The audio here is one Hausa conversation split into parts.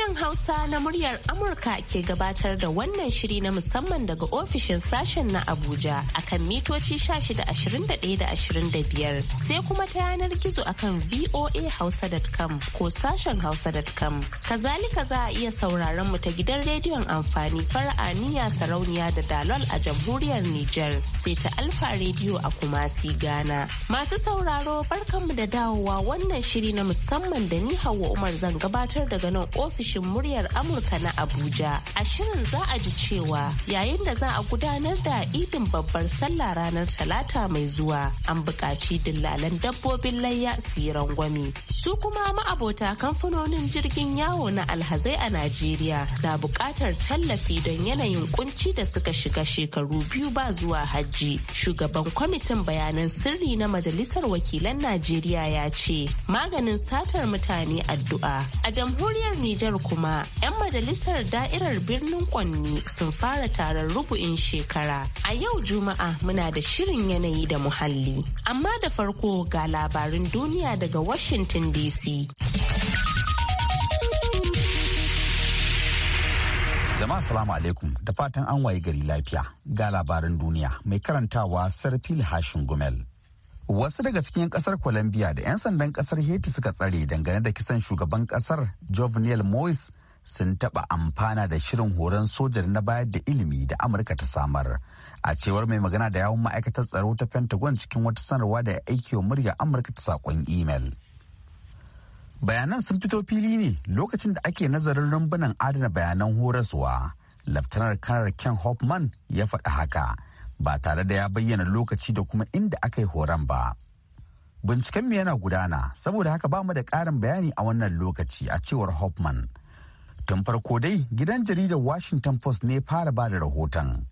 Sashen Hausa na muryar Amurka ke gabatar da wannan shiri na musamman daga ofishin sashen na Abuja akan mitoci 16 da 25 sai kuma ta yanar gizo akan voahausa.com ko sashen hausa.com. Kazalika za a iya sauraron mu ta gidan rediyon amfani fara'aniya sarauniya da dalol a jamhuriyar Nijar sai ta Alfa rediyo a Kumasi Ghana. Masu sauraro barkanmu da dawowa wannan shiri na musamman da ni Hauwa Umar zan gabatar daga nan ofishin ofishin muryar Amurka na Abuja. A shirin za a ji cewa yayin da za a gudanar da idin babbar sallah ranar talata mai zuwa an buƙaci dillalan dabbobin layya su yi rangwame. Su kuma ma'abota kamfanonin jirgin yawo na alhazai a Najeriya na buƙatar tallafi don yanayin kunci da suka shiga shekaru biyu ba zuwa hajji. Shugaban kwamitin bayanan sirri na Majalisar Wakilan Najeriya ya ce maganin satar mutane addu'a. A jamhuriyar Nijar Nijar kuma 'yan majalisar da'irar birnin Kwanni sun fara taron rubu'in shekara. A yau Juma'a muna da shirin yanayi da muhalli. Amma da farko ga labarin duniya daga Washington DC. Jama'a salamu alaikum da fatan an wayi gari lafiya ga labarin duniya mai karantawa Sarfil Hashin Gumel. Wasu daga cikin kasar Colombia da 'yan sandan kasar Haiti suka tsare dangane da kisan shugaban kasar Jovenel mois sun taɓa amfana da shirin horon soja na bayar da ilimi da Amurka ta samar. A cewar mai magana da yawun ma'aikatar tsaro ta Pentagon cikin wata sanarwa da ya aiki wa murya Amurka ta saƙon imel. Bayanan sun fito fili ne lokacin da ake nazarin rumbunan adana bayanan horaswa. Laftanar Kanar Ken Hoffman ya faɗi haka. ba tare da ya bayyana lokaci da kuma inda aka yi horon ba. Binciken mu yana gudana saboda haka ba mu da ƙarin bayani a wannan lokaci a cewar Hoffman. Tun farko dai gidan jaridar Washington Post ne fara ba da rahoton.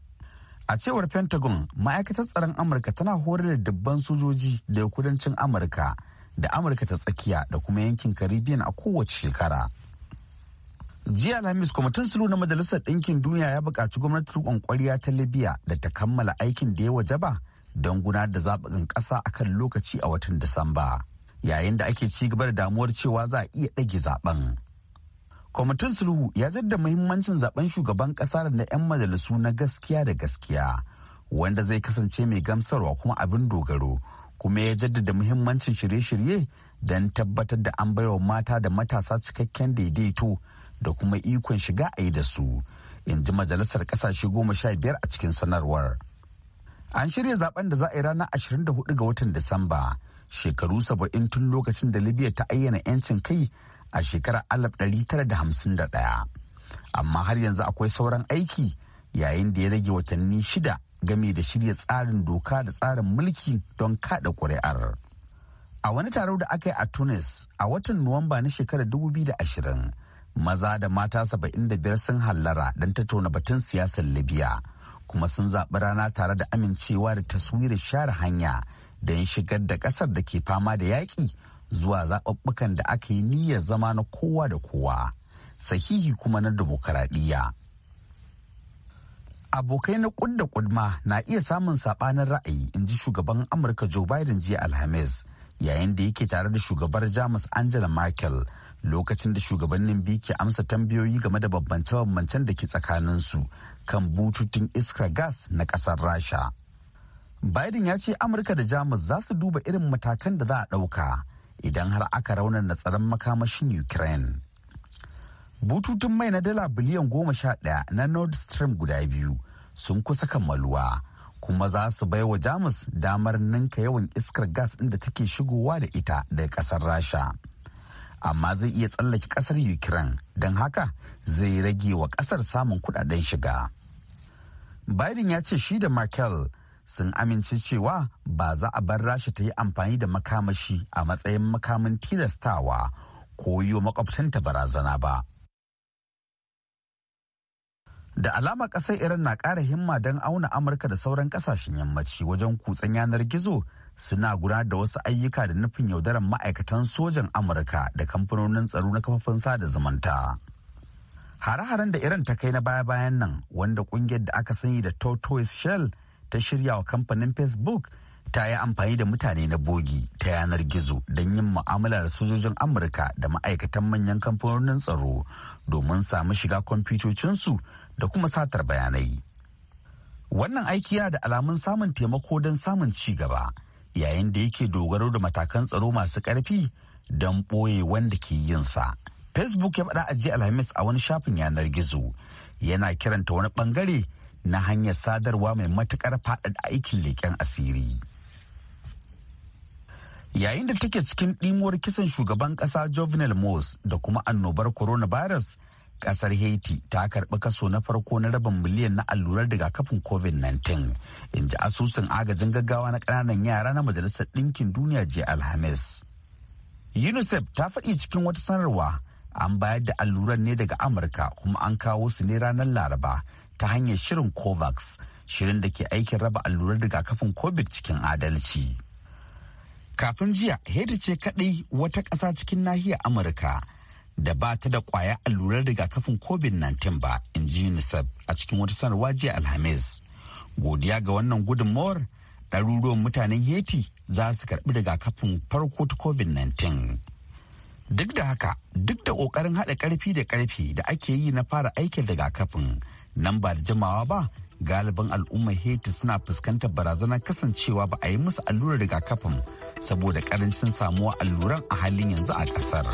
A cewar Pentagon, ma'aikatar tsaron Amurka tana horar da dubban sojoji da kudancin Amurka da Amurka ta tsakiya da kuma yankin Caribbean a kowace shekara. jiya alhamis kwamitin sulhu na majalisar ɗinkin duniya ya buƙaci gwamnatin ƙwanƙwariya ta libya da ta kammala aikin da ya wajaba don gudanar da zaɓin ƙasa a kan lokaci a watan disamba yayin da ake ci gaba da damuwar cewa za a iya ɗage zaɓen kwamitin sulhu ya jaddada muhimmancin zaɓen shugaban ƙasa da na 'yan majalisu na gaskiya da gaskiya wanda zai kasance mai gamsarwa kuma abin dogaro kuma ya jaddada muhimmancin shirye-shirye don tabbatar da an baiwa mata da matasa cikakken daidaito da kuma ikon shiga a yi da su in ji majalisar kasashe goma sha biyar a cikin sanarwar an shirya zaben da za a yi ranar 24 ga watan disamba shekaru saba'in tun lokacin da libya ta ayyana 'yancin kai a shekarar 1951 amma har yanzu akwai sauran aiki yayin da ya rage watanni shida game da shirya tsarin doka da tsarin mulki don kada kuri'ar. a wani taro da aka yi a tunis a watan nuwamba na shekarar 2020 maza da mata saba'in da biyar sun hallara don tattauna batun siyasar libya kuma sun zaɓi rana tare da amincewa da taswirar share hanya don shigar da ƙasar da ke fama da yaƙi zuwa zaɓaɓɓukan da aka yi niyyar zama na kowa da kowa sahihi kuma na dimokuraɗiyya. abokai na kudda ƙudma kudma na iya samun saɓanin ra'ayi in ji shugaban amurka joe biden jiya alhamis yayin da yake tare da shugabar jamus angela merkel lokacin da shugabannin biyu ke amsa tambayoyi game da babbance bambancen da ke tsakaninsu kan bututun iskar gas na kasar rasha biden ya ce amurka da jamus za su duba irin matakan da za a ɗauka idan har aka na tsaron makamashin ukraine bututun mai na dala biliyan goma sha ɗaya na nord stream guda biyu sun kusa kammaluwa kuma za su bai wa jamus damar ninka yawan iskar gas ɗin da take shigowa da ita daga ƙasar rasha amma zai iya tsallake ƙasar ukraine don haka zai rage wa ƙasar samun kudaden shiga biden ya ce shi da merkel sun amince cewa ba za a bar rasha ta yi amfani da makamashi a matsayin makamin tilastawa ko yi wa makwabtanta barazana ba da alama kasar iran na ƙara himma don auna amurka da sauran kasashen yammaci wajen kutsen yanar gizo suna gudanar da wasu ayyuka da nufin yaudarar ma'aikatan sojan amurka da kamfanonin tsaro na kafafen sada zumunta hare-haren da iran ta kai na baya-bayan nan wanda kungiyar da aka sani da tortoise shell ta shirya wa kamfanin facebook ta yi amfani da mutane na bogi ta yanar gizo don yin mu'amala da sojojin amurka da ma'aikatan manyan kamfanonin tsaro domin samu shiga kwamfutocinsu da kuma satar bayanai. Wannan aiki yana da alamun samun taimako don samun ci gaba yayin da yake dogaro da matakan tsaro masu ƙarfi don ɓoye wanda ke yinsa. Facebook ya faɗa ajiye Alhamis a wani shafin yanar gizo yana kiranta wani ɓangare na hanyar sadarwa mai matuƙar faɗaɗa aikin leƙen asiri. Yayin da take cikin ɗimuwar kisan shugaban ƙasa Jovenel Moss da kuma annobar coronavirus kasar haiti ta karbi kaso na farko na rabin miliyan na allurar rigakafin covid-19 in ji asusun agajin gaggawa na ƙananan yara na majalisar ɗinkin duniya jiya alhamis unicef ta faɗi cikin wata sanarwa an bayar da allurar ne daga amurka kuma an kawo su ne ranar laraba ta hanyar shirin covax shirin da ke aikin raba allurar rigakafin covid cikin adalci kafin jiya haiti ce kaɗai wata ƙasa cikin nahiyar amurka da ba ta da kwaya allurar rigakafin covid-19 ba in ji unicef a cikin wata sanarwa jiya alhamis godiya ga wannan gudunmawar ɗaruruwan mutanen haiti za su karɓi rigakafin farko ta covid-19 duk da haka duk da ƙoƙarin haɗa ƙarfi da ƙarfi da ake yi na fara aikin rigakafin nan ba da jimawa ba galibin al'ummar haiti suna fuskantar barazanar kasancewa ba a yi musu allurar rigakafin saboda ƙarancin samuwa alluran a halin yanzu a ƙasar.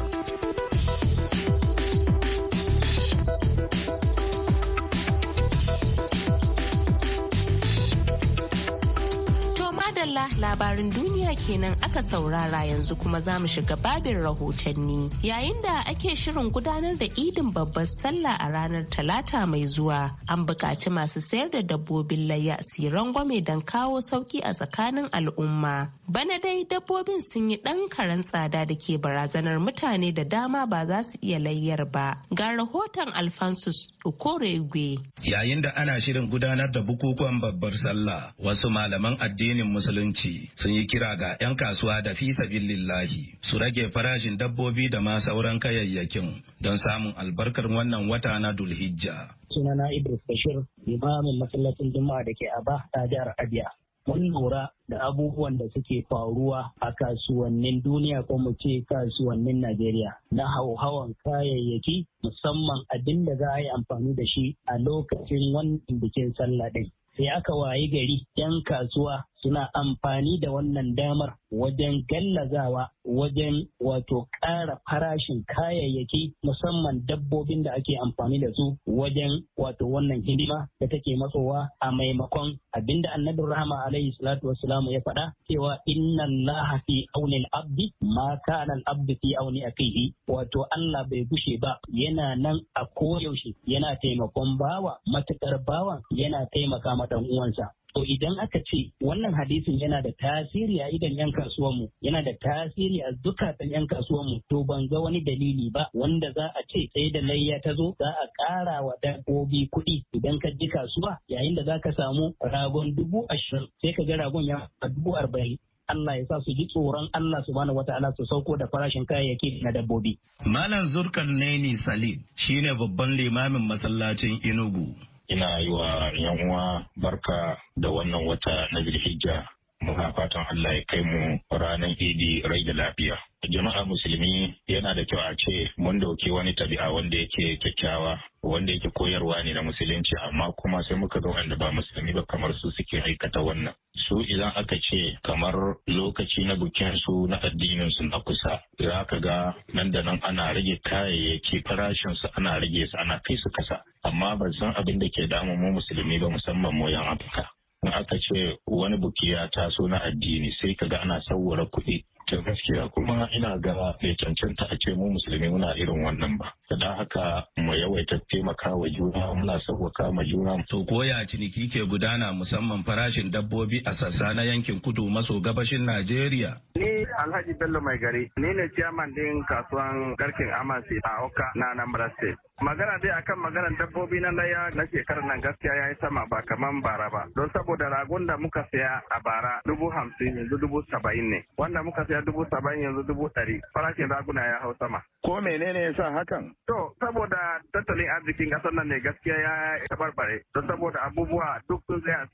labarin duniya kenan aka saurara yanzu kuma za mu shiga babin rahotanni yayin da ake shirin gudanar da idin babbar sallah a ranar talata mai zuwa an buƙaci masu sayar da dabbobin layya su rangwame don kawo sauki a tsakanin al'umma Bana dai dabbobin sun yi ɗan karen tsada da ke barazanar mutane da dama ba za su iya layyar ba. Ga rahoton Alphonsus Okoregwe. Yayin da ana shirin gudanar da bukukuwan babbar sallah, wasu malaman addinin musulunci sun yi kira ga 'yan kasuwa da 'Fisa bilillahi' su rage farashin dabbobi da ma sauran kayayyakin don samun albarkar wannan wata na Dulhijja. Sunana Idris Bashir, limamin masallacin Juma'a da ke Aba a jihar Abia. mun lura da abubuwan da suke faruwa a kasuwannin duniya ko mu ce kasuwannin Najeriya na hauhawan kayayyaki musamman abin da za a yi amfani da shi a lokacin wannan bikin sallah ɗin. Sai aka wayi gari 'yan kasuwa suna amfani da wannan damar wajen gallazawa wajen wato ƙara farashin kayayyaki musamman dabbobin da ake amfani da su wajen wato wannan hidima da take matsowa a maimakon abinda Annabi rahama alaihi salatu wassalamu ya faɗa cewa inna Allah fi auni abdi ma kana abdi fi auni akihi wato Allah bai gushe ba yana nan a koyaushe yana taimakon bawa matukar bawan yana taimaka ma dan uwansa To idan aka ce wannan hadisin yana da tasiri a idan yan kasuwanmu, yana da tasiri a zukatan yan kasuwanmu, to ban ga wani dalili ba wanda za a ce sai da layya ta zo za a ƙara wa dabbobi kuɗi idan ka ji kasuwa yayin da za ka samu ragon dubu ashirin sai ka ga ragon ya dubu arba'in. Allah ya sa su ji tsoron Allah subhanahu wataala su sauko da farashin kayayyaki na dabbobi. Malam Zurkan Naini Salim shine babban limamin masallacin Enugu. ina yi wa yan uwa barka da wannan wata na zilhijja muna fatan Allah ya kai mu ranar idi rai da lafiya. jama'a musulmi yana da kyau a ce mun dauki wani tabi'a wanda yake kyakkyawa wanda yake koyarwa ne na musulunci amma kuma sai muka ga wanda ba musulmi ba kamar su suke aikata wannan su idan aka ce kamar lokaci na bukin su na addinin su na kusa za ka ga nan da nan ana rage kayayyaki farashin su ana rage su ana kai su kasa amma ban san abin da ke damu mu musulmi ba musamman mu yan afirka in aka ce wani buki ya taso na addini sai ka ga ana sauwara kuɗi to gaskiya kuma ina ga mai cancanta a ce mu musulmi muna irin wannan ba da haka mu yawaita taimaka wa juna muna sauwaka ma juna to koya ciniki ke gudana musamman farashin dabbobi a sassa na yankin kudu maso gabashin Najeriya ni Alhaji Bello Mai Gari, ni ne ciyaman din kasuwan garkin Amasi a Oka na Anambra State. Magana dai akan maganar dabbobi na laya na shekarar nan gaskiya ya yi sama ba kaman bara ba. Don saboda ragon da muka saya a bara dubu hamsin yanzu dubu saba'in ne. Wanda muka saya dubu saba'in yanzu dubu ɗari. Farashin raguna ya hau sama. Ko menene ya sa hakan? To saboda tattalin arzikin ƙasar nan ne gaskiya ya tabarbare. Don saboda abubuwa duk sun tsaya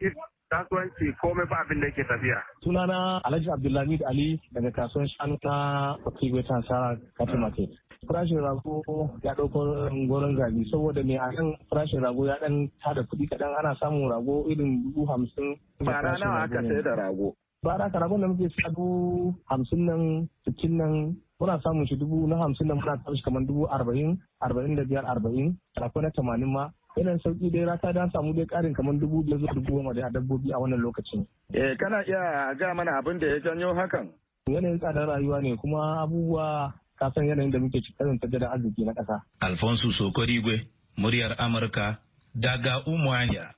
kasuwanci komai ba abin da yake tafiya. Sunana Alhaji Abdulhamid Ali daga kasuwan shanu ta Kigwe Tansara Kati Market. Farashin rago ya ɗauko goron zabi saboda mai nan farashin rago ya ɗan tada kuɗi kaɗan ana samun rago irin dubu hamsin. Bara nawa aka sayar da rago. Bara ka rago da muke sa dubu hamsin nan sittin nan muna samun shi dubu na hamsin nan muna samun shi kamar dubu arba'in arba'in da biyar arba'in rago na tamanin ma irin sauki dai rata dan samu dai karin kamar dubu biyar zuwa dubu goma da dabbobi a wannan lokacin. Eh kana iya ga mana abin da ya janyo hakan? Yanayin tsadar rayuwa ne kuma abubuwa kasan yanayin da muke cikin tattalin arziki na ƙasa. Alfonso Sokorigwe, muryar Amurka, daga Umuahia,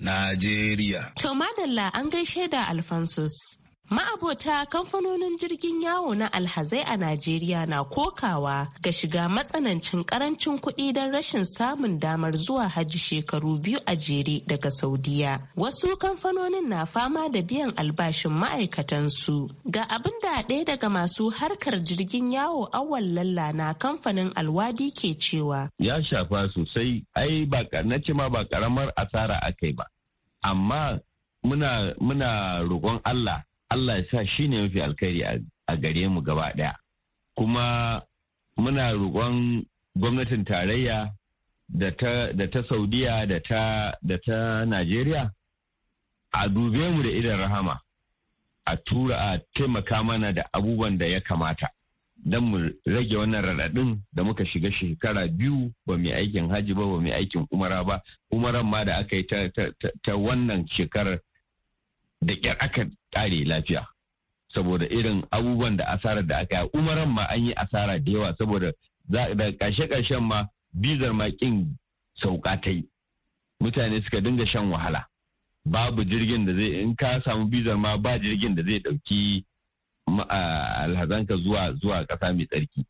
Najeriya. To madalla an gaishe da Alfonsus. Ma'abota kamfanonin jirgin yawo na alhazai a Najeriya na kokawa ga shiga matsanancin karancin kuɗi don rashin samun damar zuwa hajji shekaru biyu a jere daga Saudiya. Wasu kamfanonin na fama da biyan albashin ma'aikatansu. Ga abin da ɗaya daga masu harkar jirgin yawo awal lalla na kamfanin alwadi ke cewa. Ya shafa sosai, ai ba na ce ma ba karamar asara akai ba. Amma muna muna roƙon Allah Allah ya sa shi ne mafi alkhairi a gare mu gaba ɗaya. Kuma muna roƙon gwamnatin tarayya da ta Saudiya da ta Najeriya a dube mu da idan rahama a tura a taimaka mana da abubuwan da ya kamata. Don mu rage wannan raɗaɗin da muka shiga shekara biyu ba mai aikin hajji ba ba mai aikin umara ba, umaran ma da aka yi ta wannan shekarar da ƙyar aka kare lafiya saboda irin abubuwan da asarar da aka yi umaran ma an yi asara da yawa saboda da ƙarshe ƙarshen ma bizar ma kin sauka ta yi mutane suka dinga shan wahala babu jirgin da zai in ka samu bizar ma ba jirgin da zai ɗauki alhazanka zuwa zuwa ƙasa mai tsarki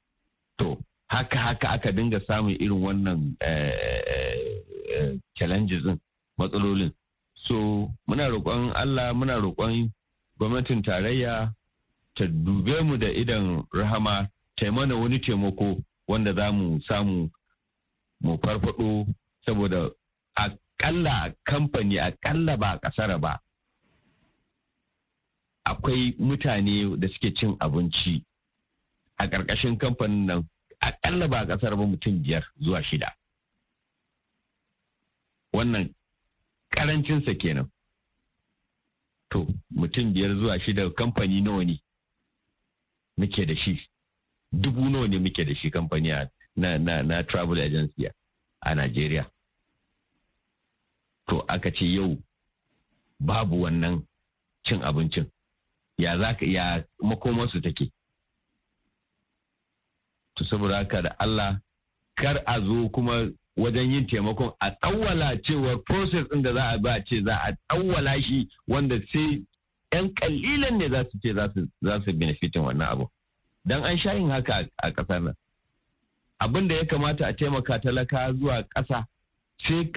to haka haka aka dinga samun irin wannan eh, eh, eh, challenges din matsalolin so muna roƙon Allah muna roƙon gwamnatin tarayya ta dube mu da idan rahama ta mana wani taimako wanda za mu samu mu farfado saboda akalla a kamfani akalla ba a kasara ba akwai mutane da suke cin abinci a ƙarƙashin kamfanin nan akalla ba a ba mutum biyar zuwa shida wannan ƙarancinsa kenan to mutum biyar zuwa shida kamfani nawa ne muke da shi dubu nawa ne muke da shi kamfani na, na, na travel agency a Najeriya. To aka ce yau babu wannan cin abincin ya za ka ya makomarsu take. To saboda haka da Allah kar a zo kuma wajen yin taimakon a tsawwala cewa process ɗin da za a ba ce za a tsawwala shi wanda sai 'yan kalilan ne za su ce za su benefitin wannan abu don an sha yin haka a ƙasar nan abin da ya kamata a taimaka talaka zuwa ƙasa sai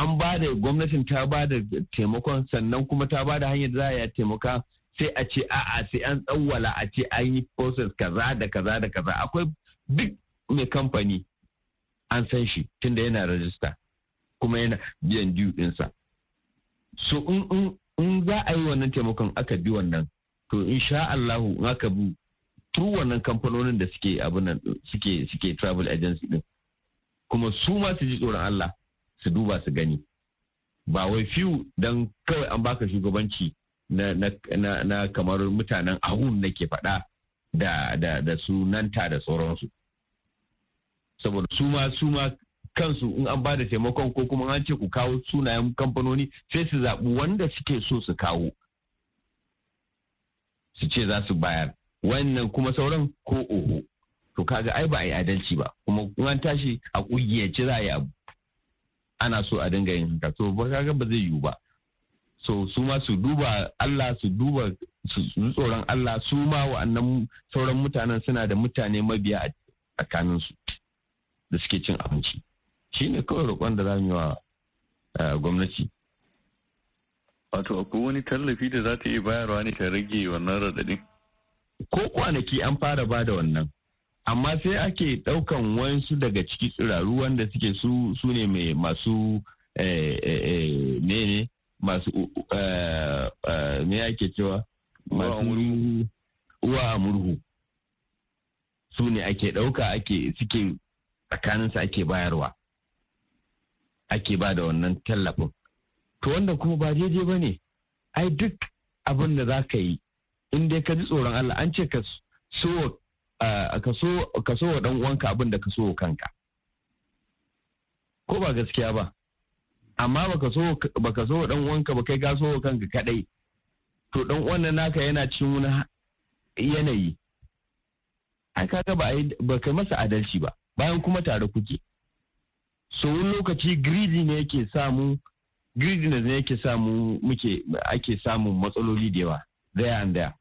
an ba da gwamnatin ta ba da taimakon sannan kuma ta ba da hanyar za a taimaka sai a ce a'a sai an tsawwala a ce an yi process kaza da kaza da kaza akwai duk mai kamfani an san shi tunda yana rajista kuma yana biyan due ɗinsa. So in za a yi wannan taimakon aka bi wannan to in sha Allahu in aka bi turu wannan kamfanonin da suke suke suke travel agency din kuma su ma su ji tsoron Allah su duba su gani ba wai fiyu don kawai an baka shugabanci na kamar mutanen ahun nake faɗa da da da su nanta da sauransu saboda su ma su ma kansu in an ba da taimakon ko kuma an ce ku kawo sunayen kamfanoni sai su zaɓi wanda suke so su kawo su ce za su bayar wannan kuma sauran ko oho to kaga ai ba a yi adalci ba kuma in an tashi a ƙungiyarci za a abu ana so a dinga yin haka to ba kaga ba zai yiwu ba so su ma su duba Allah su duba su tsoron Allah su ma wa'annan sauran mutanen suna da mutane mabiya a tsakaninsu. su da suke cin abinci shi ne kawai roƙon da za mu yi wa eh, gwamnati wato akwai wani tallafi da za ta iya bayarwa ne ta rage wannan raɗaɗin ko kwanaki an fara ba da wannan amma sai ake ɗaukan wasu daga ciki tsiraru wanda suke su ne mai masu eh, eh, ne masu ne ake cewa masu uwa murhu su ne ake ɗauka ake suke tsakaninsa ake bayarwa ake ba da wannan tallafin to wanda kuma ba daidai ba ne ai duk abin da za ka yi in dai ka ji tsoron Allah an ce ka so ah, wa dan uwanka abin da ka so wa kanka ko ba gaskiya ba amma ka so wa dan uwanka ba kai ga so kanka kadai to dan uwan naka yana cikin wani yanayi an kaga ba ka masa adalci ba bayan kuma tare kuke so wani lokaci greedy ne yake samu greediness ne yake samu muke ake samun matsaloli da yawa there and there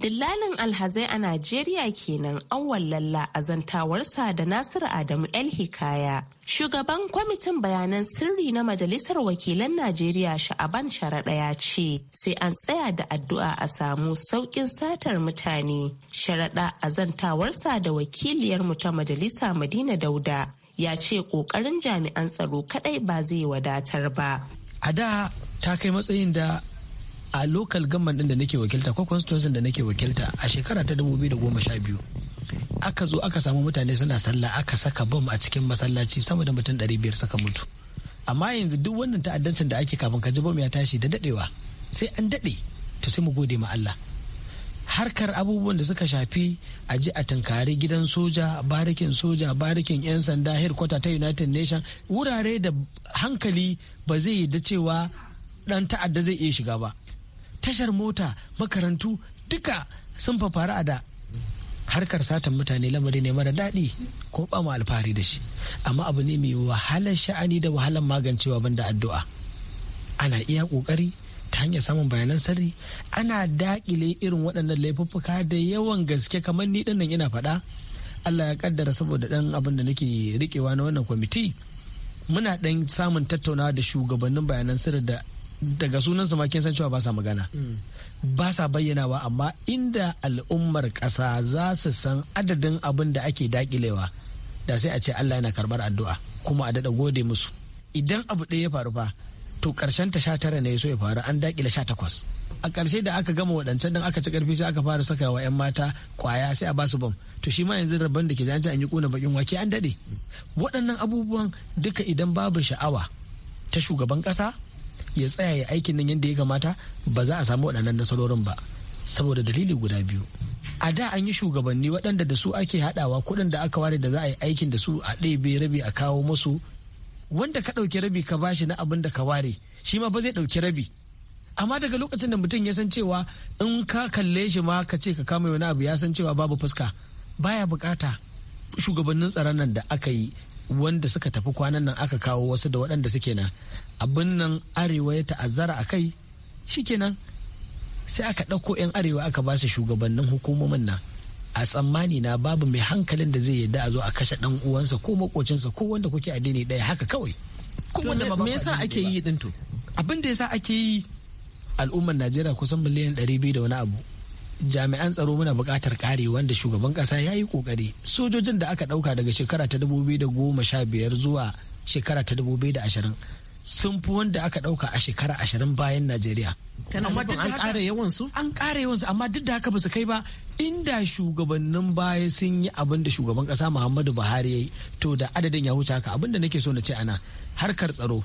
Dillalin alhazai a Najeriya kenan awwal lalla a zantawarsa da Nasiru Adamu El Hikaya. Shugaban kwamitin bayanan sirri na Majalisar Wakilan Najeriya Sha'aban Sharaɗa ya ce sai an tsaya da addu'a a samu sauƙin satar mutane. Sharaɗa a zantawarsa da wakiliyarmu ta Majalisa Madina Dauda ya ce ƙoƙarin jami'an tsaro kaɗai ba zai wadatar ba. A da ta kai matsayin da a lokal government din da nake wakilta ko constituency da nake wakilta a shekara ta 2012 aka zo aka samu mutane suna sallah aka saka bom a cikin masallaci sama da mutum 500 saka mutu amma yanzu duk wannan ta'addancin da ake kafin ka ji bom ya tashi da dadewa sai an dade to sai mu gode ma Allah harkar abubuwan da suka shafi a ji a tunkari gidan soja barikin soja barikin 'yan sanda headquarter ta united nation wurare da hankali ba zai yi da cewa dan ta'adda zai iya shiga ba tashar mota makarantu duka sun fafara a da harkar satan mutane lamari ne mara daɗi ko ba alfahari da shi amma abu ne mai wahalar sha'ani da wahalar magancewa banda addu'a ana iya ƙoƙari ta hanyar samun bayanan sirri ana daƙile irin waɗannan laifuffuka da yawan gaske kamar ni ɗin ina faɗa Allah ya kaddara saboda ɗan abin da nake riƙewa na wannan kwamiti muna ɗan samun tattaunawa da shugabannin bayanan sirri da daga sunan su kin san cewa ba sa magana mm. ba sa bayyanawa amma inda al'ummar ƙasa za su san adadin abin da ake dakilewa da sai a ce Allah yana karbar addu'a kuma a dada gode musu idan abu ɗaya ya faru fa to ƙarshen ta sha tara ne so ya faru an dakile sha takwas a ƙarshe da aka gama waɗancan dan aka ci ƙarfi sai aka fara saka wa 'yan mata kwaya sai a basu bam to shi ma yanzu rabban da ke zance an yi ƙuna bakin wake an daɗe waɗannan abubuwan duka idan babu sha'awa ta shugaban ƙasa ya tsaya ya aikin nan yadda ya kamata ba za a samu waɗannan nasarorin ba saboda dalili guda biyu a da an yi shugabanni waɗanda da su ake haɗawa kuɗin da aka ware da za a yi aikin da su a ɗebe rabi a kawo musu wanda ka ɗauki rabi ka bashi na abin da ka ware shi ma ba zai ɗauki rabi amma daga lokacin da mutum ya san cewa in ka kalle shi ma ka ce ka kama wani abu ya san cewa babu fuska baya bukata shugabannin tsaron nan da aka yi wanda suka tafi kwanan nan aka kawo wasu da waɗanda suke nan abin nan arewa ya ta'azzara a kai shikenan sai aka ɗauko 'yan arewa aka ba su shugabannin hukumomin nan a tsammani na babu mai hankalin da zai yadda a zo a kashe dan uwansa ko makocinsa ko wanda kuke addini ɗaya haka kawai me yasa ake yi din yasa ake al'ummar Najeriya kusan miliyan 200 da wani abu jami'an tsaro muna buƙatar kare wanda shugaban ƙasa ya yi ƙoƙari sojojin da aka ɗauka daga shekara ta 2015 zuwa shekara ta ashirin. sun fi wanda aka ɗauka a shekara ashirin bayan Najeriya. an ƙara yawan su? An ƙara yawan su amma duk da haka ba su kai ba inda shugabannin baya sun yi abin da shugaban ƙasa Muhammadu Buhari ya yi to da adadin ya wuce haka abin da nake so na ce ana harkar tsaro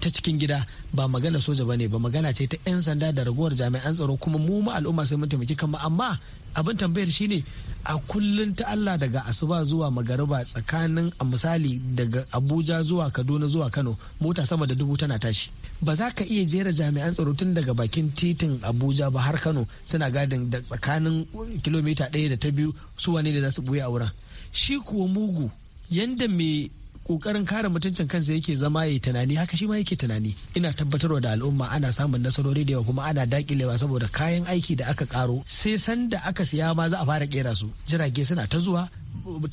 ta cikin gida ba magana soja ba ne ba magana ce ta 'yan sanda da ragowar jami'an tsaro kuma mu ma al'umma sai mun taimaki kanmu amma abin tambayar shine a kullum ta Allah daga asuba zuwa magariba tsakanin a misali daga Abuja zuwa Kaduna zuwa Kano mota sama da dubu tana tashi ba za ka iya jera jami'an tsaro tun daga bakin titin Abuja ba har Kano suna gadin da tsakanin kilomita ɗaya da ta biyu su wane da za su buya a wurin shi kuwa mugu yanda mai kokarin kare mutuncin kansa yake zama ya yi tunani haka shi ma yake tunani ina tabbatarwa da al'umma ana samun nasarori da yawa kuma ana dakilewa saboda kayan aiki da aka karo sai sanda aka siya ma za a fara kera su jirage suna ta zuwa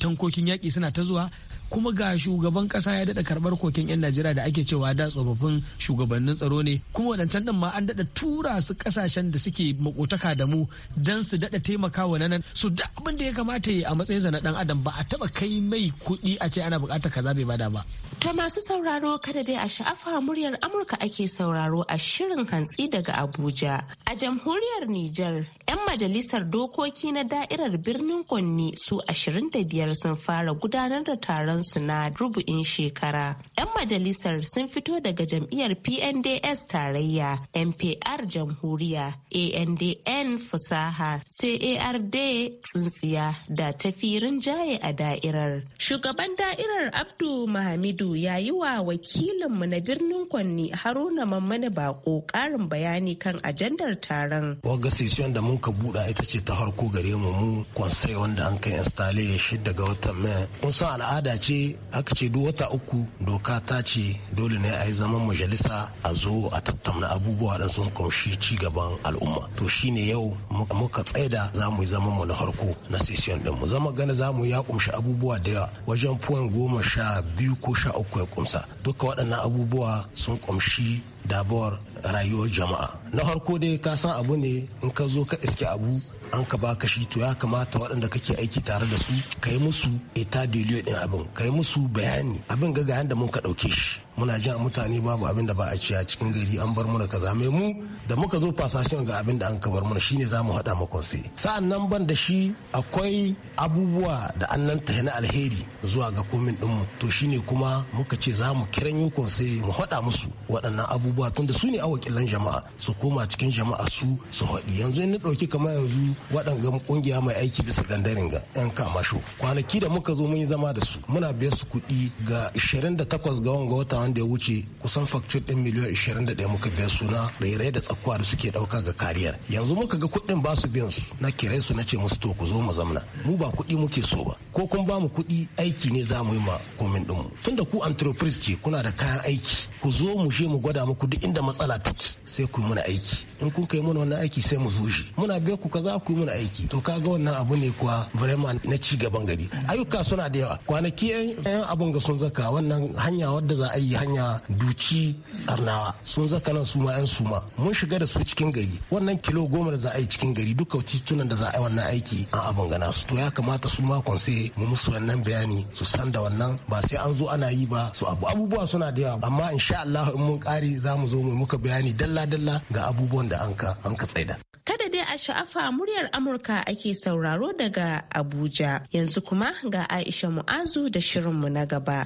tankokin yaƙi suna ta zuwa kuma ga shugaban kasa ya daɗa karbar koken 'yan najeriya da ake cewa da tsofaffin shugabannin tsaro ne kuma wadancan ɗin ma an daɗa tura su ƙasashen da suke makotaka da mu don su daɗa taimaka wa nan su da abin da ya kamata yi a matsayinsa na ɗan adam ba a taɓa kai mai kuɗi a ce ana buƙatar kaza bai bada ba Ta masu sauraro kada dai a sha'afa muryar Amurka ake sauraro a shirin hantsi daga Abuja. A jamhuriyar Nijar, 'yan majalisar dokoki na da'irar birnin Kwanni su 25 sun fara gudanar da taron su na rubu'in shekara. 'Yan majalisar sun fito daga jam'iyyar PNDS tarayya, NPR jamhuriya, ANDN fusaha, CARD tsintsiya da tafirin jaye a da'irar. Shugaban da'irar Abdu Mahamidu Abdu ya yi wa wakilinmu na birnin Kwanni Haruna Mammani Bako ƙarin bayani kan ajandar taron. Wagga session da mun ka buɗa ita ce ta harko gare mu mu kwansai wanda an kai installe shi daga watan Mai. Kun san al'ada ce aka ce duk wata uku doka ta ce dole ne a yi zaman majalisa a zo a tattauna abubuwa da sun kumshi ci gaban al'umma. To shi ne yau muka tsada za mu yi zaman mu na harko na session ɗin mu. Zama gani za mu ya kumshi abubuwa da yawa wajen puwan goma sha biyu ko sha uku ya kumsa duka waɗannan abubuwa sun kumshi dabuwar rayuwar jama'a na farko dai ka san abu ne in ka zo ka iske abu an ka ba ka shi to ya kamata waɗanda kake aiki tare da su ka yi musu ita deliyo ɗin abin ka yi musu bayani abin ga da mun ka ɗauke shi muna jin mutane babu abin da ba a ci a cikin gari an bar muna kaza mai mu da muka zo fasashen ga abin da an kabar muna shine zamu hada makon sai sa'an nan ban da shi akwai abubuwa da an nan na alheri zuwa ga komin mu to shine kuma muka ce zamu kiran yukon sai mu hada musu waɗannan abubuwa tunda su ne awakilan jama'a su koma cikin jama'a su su haɗi yanzu in dauki kamar yanzu waɗanga kungiya mai aiki bisa gandarin ga yan kamasho kwanaki da muka zo mun yi zama da su muna biyar su kuɗi ga 28 ga wata zaman da ya wuce kusan fakcur din miliyan 21 muka biya suna rairai da tsakuwa da suke ɗauka ga kariyar yanzu muka ga kuɗin ba su biyan su na kire su na ce musu to ku zo mu zamna mu ba kuɗi muke so ba ko kun ba mu kuɗi aiki ne za mu yi ma komin din mu tunda ku entreprise ce kuna da kayan aiki ku zo mu je mu gwada muku duk inda matsala take sai ku yi mana aiki in kun kai mana wannan aiki sai mu zo shi muna biya ku kaza ku yi mana aiki to kaga wannan abu ne kuwa vraiment na ci gaban gari ayyuka suna da yawa kwanaki yan abun ga sun zaka wannan hanya wadda za a yi hanya duci tsarnawa sun zaka nan suma yan suma mun shiga da su cikin gari wannan kilo goma da za a yi cikin gari duka titunan da za a yi wannan aiki an abin gana su to ya kamata su ma kwanse mu musu wannan bayani su san da wannan ba sai an zo ana yi ba su abu abubuwa suna da yawa amma insha Allah in mun kare za mu zo mu muka bayani dalla dalla ga abubuwan da anka ka tsaida kada dai a sha'afa muryar Amurka ake sauraro daga Abuja yanzu kuma ga Aisha Mu'azu da shirinmu na gaba.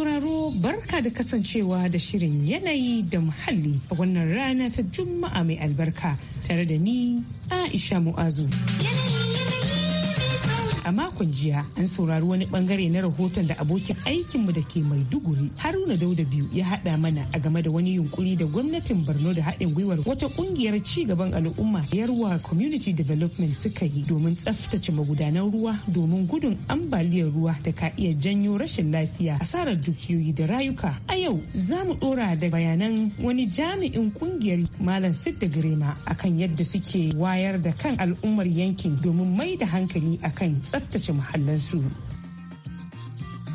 sauraro barka da kasancewa da shirin yanayi da muhalli a wannan rana ta Juma'a mai albarka tare da ni Aisha Mu'azu. a makon jiya an saurari wani bangare na rahoton da abokin aikinmu da ke mai duguri. haruna dauda biyu ya hada mana a game da wani yunkuri da gwamnatin borno da haɗin gwiwar wata kungiyar ci gaban al'umma yarwa community development suka yi domin tsaftace magudanan ruwa domin gudun ambaliyar ruwa da ka iya janyo rashin lafiya asarar dukiyoyi da rayuka a yau za mu ɗora da bayanan wani jami'in kungiyar malam sidda grema akan yadda suke wayar da kan al'ummar yankin domin mai da hankali akan tsaftace muhallansu.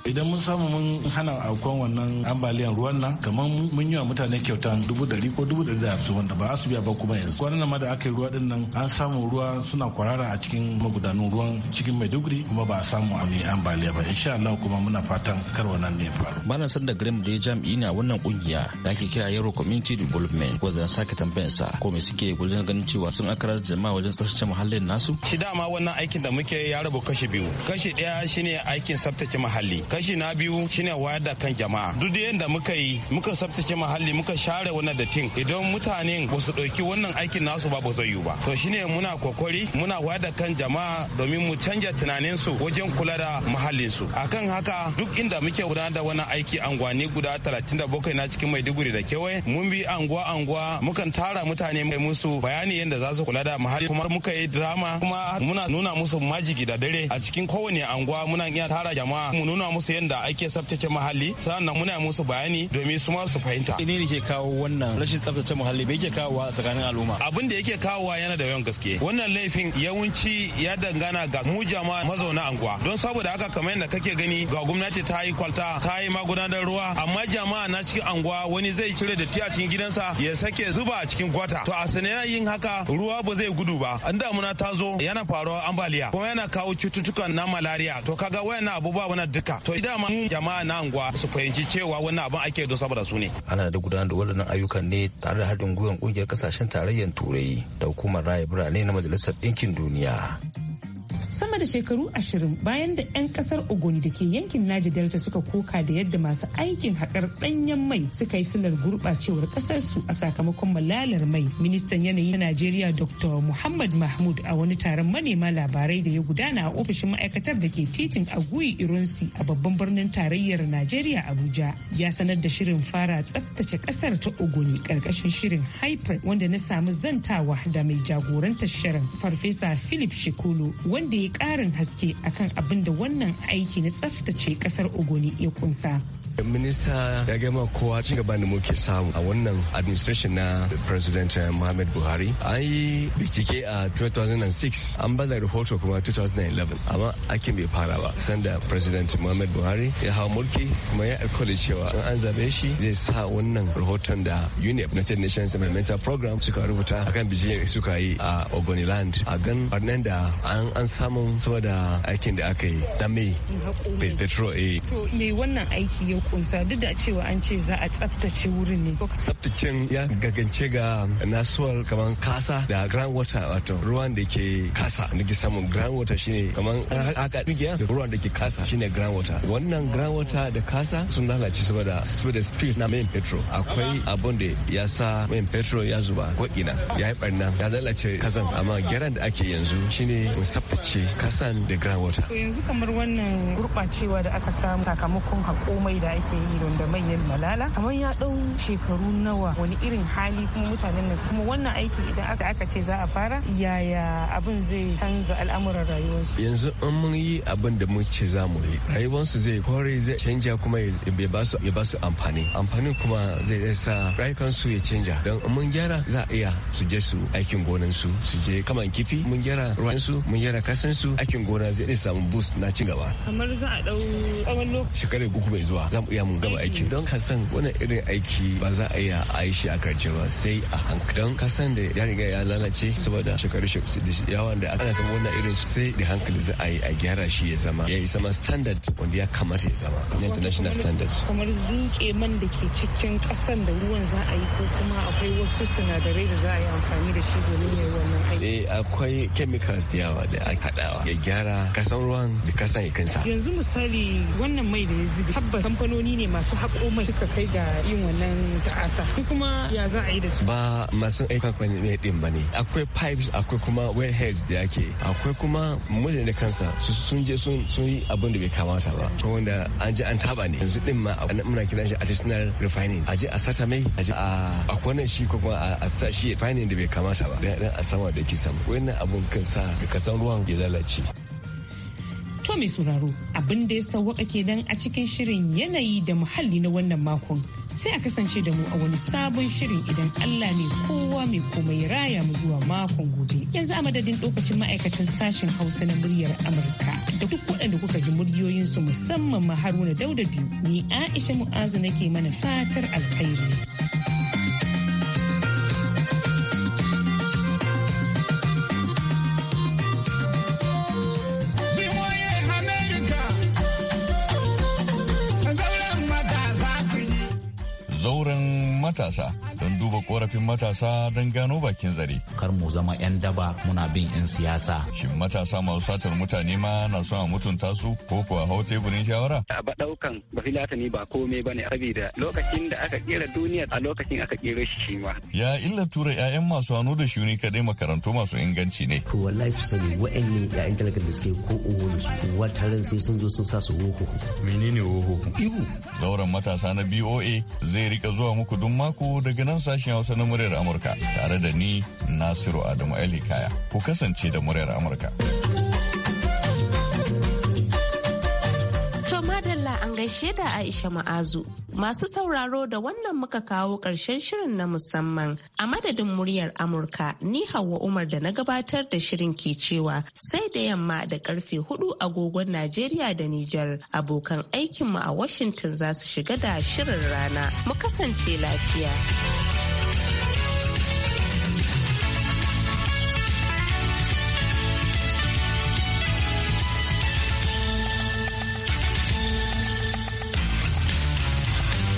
idan mun samu mun hana aukuwan wannan ambaliyan ruwan nan kamar mun yi wa mutane kyauta dubu dari ko dubu dari da hamsin wanda ba su biya ba kuma yanzu kwanan nan ma da aka yi ruwa din nan an samu ruwa suna kwarara a cikin magudanun ruwan cikin maiduguri kuma ba a samu a mai ambaliya ba insha Allah kuma muna fatan kar wannan ne faru. Bana san da Graham da ya jami'i na wannan kungiya da ake kira Yaro Community Development ko da sake sa ko me suke gudanar ganin cewa sun akarar jama'a wajen tsaftace muhallin nasu. Shi dama wannan aikin da muke ya rabu kashi biyu kashi ɗaya shine aikin tsaftace muhalli kashi na biyu shine wayar da kan jama'a duk da yadda muka yi muka tsaftace muhalli muka share wannan datin idan mutanen ba su ɗauki wannan aikin nasu ba ba zai yiwu ba to shine muna kokari muna wayar da kan jama'a domin mu canja tunaninsu wajen kula da muhallin su akan haka duk inda muke gudanar da wannan aiki angwani guda 37 na cikin Maiduguri da kewaye mun bi anguwa anguwa mukan tara mutane mai musu bayani yadda za su kula da muhalli kuma muka yi drama kuma muna nuna musu majigi da dare a cikin kowane anguwa muna iya tara jama'a mu nuna musu su yadda ake tsaftace muhalli sannan muna musu bayani domin su ma su fahimta. Ine ne ke kawo wannan rashin tsaftace muhalli me yake kawo a tsakanin al'umma. Abin da yake kawowa yana da yawan gaske. Wannan laifin yawanci ya dangana ga mu jama'a mazauna anguwa. Don saboda haka kamar yadda kake gani ga gwamnati ta yi kwalta ta yi magudanar ruwa amma jama'a na cikin anguwa wani zai cire datti a cikin gidansa ya sake zuba a cikin gwata. To a sanaya yin haka ruwa ba zai gudu ba. An damuna ta zo yana faruwa ambaliya kuma yana kawo cututtukan na malaria. To kaga wayannan abubuwa wannan duka. To to dama ma jama'a na anguwa su fahimci cewa wannan abin ake don saboda su ne ana da gudanar da waɗannan ayyukan ne tare da haɗin gwiwar ƙungiyar ƙasashen tarayyar turai da hukumar raya birane na majalisar ɗinkin duniya sama da shekaru ashirin bayan da 'yan kasar ogoni da ke yankin naji delta suka koka da yadda masu aikin haƙar ɗanyen mai suka yi silar gurɓacewar ƙasarsu a sakamakon malalar mai ministan yanayi na najeriya dr muhammad mahmud a wani taron manema labarai da ya gudana a ofishin ma'aikatar da ke titin Agui ironsi a babban birnin tarayyar najeriya abuja ya sanar da shirin fara tsaftace ƙasar ta ogoni ƙarƙashin shirin hyper wanda na samu zantawa da mai jagorantar shirin farfesa philip shikolo wanda da ya ƙarin haske akan abin da wannan aiki na tsaftace kasar Ogoni ya kunsa. Minista ya gama kowa ci gaba da muke samu a wannan administration na President eh, Muhammad Buhari. An yi bincike a 2006 an bada rahoto kuma 2011 amma aikin bai fara ba. Sanda President Muhammad Buhari ya hawa mulki kuma ya alkawali cewa an zabe shi zai sa wannan rahoton da UNEP United Nations Environmental Program suka rubuta akan bincike suka yi a Ogoniland a gan barnan da an samu saboda aikin da aka yi na mai petrol. Eh. To me wannan aiki yau kunsa duk da cewa an ce za a tsaftace wurin ne. Tsaftacen ya gagance ga nasuwar kamar kasa da groundwater wato ruwan da ke kasa da ke samun groundwater shine kamar aka rigiya ruwan da ke kasa shine groundwater. Wannan groundwater da kasa sun lalace saboda saboda spills na main petrol akwai abun da ya sa main petrol ya zuba ko ina ya yi barna ya lalace kasan amma gyaran da ake yanzu shine mu tsaftace kasan da groundwater. Yanzu kamar wannan gurɓacewa da aka samu sakamakon hakomai da yake yi da manyan malala amma ya ɗau shekaru nawa wani irin hali kuma mutanen nan kuma wannan aiki idan aka aka ce za a fara yaya abin zai canza al'amuran rayuwarsu yanzu in mun yi abin da mun ce za mu yi rayuwarsu zai kore zai canja kuma ya ba su ya ba su amfani amfani kuma zai sa rayukansu ya canja don mun gyara za a iya su je su aikin gonan su su je kaman kifi mun gyara ruwan su mun gyara kasan su aikin gona zai samu boost na ci gaba kamar za a ɗau tsawon lokaci shekaru uku mai zuwa za mu iya gaba aiki don ka san wannan irin aiki ba za a iya a yi shi a karce ba sai a hankali don ka san da ya riga ya lalace saboda shekaru shekaru yawan da aka samu wannan irin sai da hankali za a yi a gyara shi ya zama ya yi zama standard wanda ya kamata ya zama international standard kamar zuke man da ke cikin kasan da ruwan za a yi ko kuma akwai wasu sinadarai da za a yi amfani da shi domin ya yi wannan aiki eh, akwai chemicals da yawa da aka ya gyara kasan ruwan da kasan ya kansa yanzu misali wannan mai da ya zubi tabbas kamfanin kamfanoni ne masu haƙo mai suka kai ga yin wannan ta'asa kuma ya za a yi da su ba masu aika ne din ba ne akwai pipes akwai kuma wellheads da ake akwai kuma mutane da kansa su sun je sun yi abin da bai kamata ba ko wanda an je an taba ne yanzu din ma a muna kiran shi artisanal refining a je a sata mai a je a kwanan shi ko kuma a sa shi refining da bai kamata ba dan a sama da ke samu wannan abun kansa. da kasan ruwan ya lalace To mai sauraro abin da ya sauwaka kenan a cikin shirin yanayi da muhalli na wannan makon sai a kasance da mu a wani sabon shirin idan Allah ne kowa mai komai raya mu zuwa makon gobe. Yanzu a madadin lokacin ma'aikatan sashen Hausa na muryar Amurka da duk waɗanda kuka ji muryoyinsu musamman ma Haruna Dauda biyu ni Aisha Mu'azu nake mana fatar alkhairi. Gracias. duba korafin matasa don gano bakin zare. Kar mu zama 'yan daba muna bin 'yan siyasa. Shin matasa masu satar mutane ma na son a mutunta su ko kuwa hau teburin shawara? A ba daukan ba ba komai ba ne da lokacin da aka kera duniya a lokacin aka kera shi shi ma. Ya illa tura 'ya'yan masu hannu da shuni kadai makarantu masu inganci ne. To wallahi su sani wa'annan 'ya'yan talakar da suke ko owo da su taron sai sun zo sun sa su woho. Menene woho? Ihu. Zauren matasa na BOA zai rika zuwa muku duk mako daga nan sashi sashen Hausa na muryar Amurka tare da ni Nasiru Adamu Ali Kaya. Ku kasance da muryar Amurka. To madalla an gaishe da Aisha Ma'azu. Masu sauraro da wannan muka kawo ƙarshen shirin na musamman a madadin muryar Amurka ni Hauwa Umar da na gabatar da shirin ke cewa sai da yamma da karfe hudu agogon Najeriya da Nijar abokan aikinmu a Washington za su shiga da shirin rana. Mu kasance lafiya.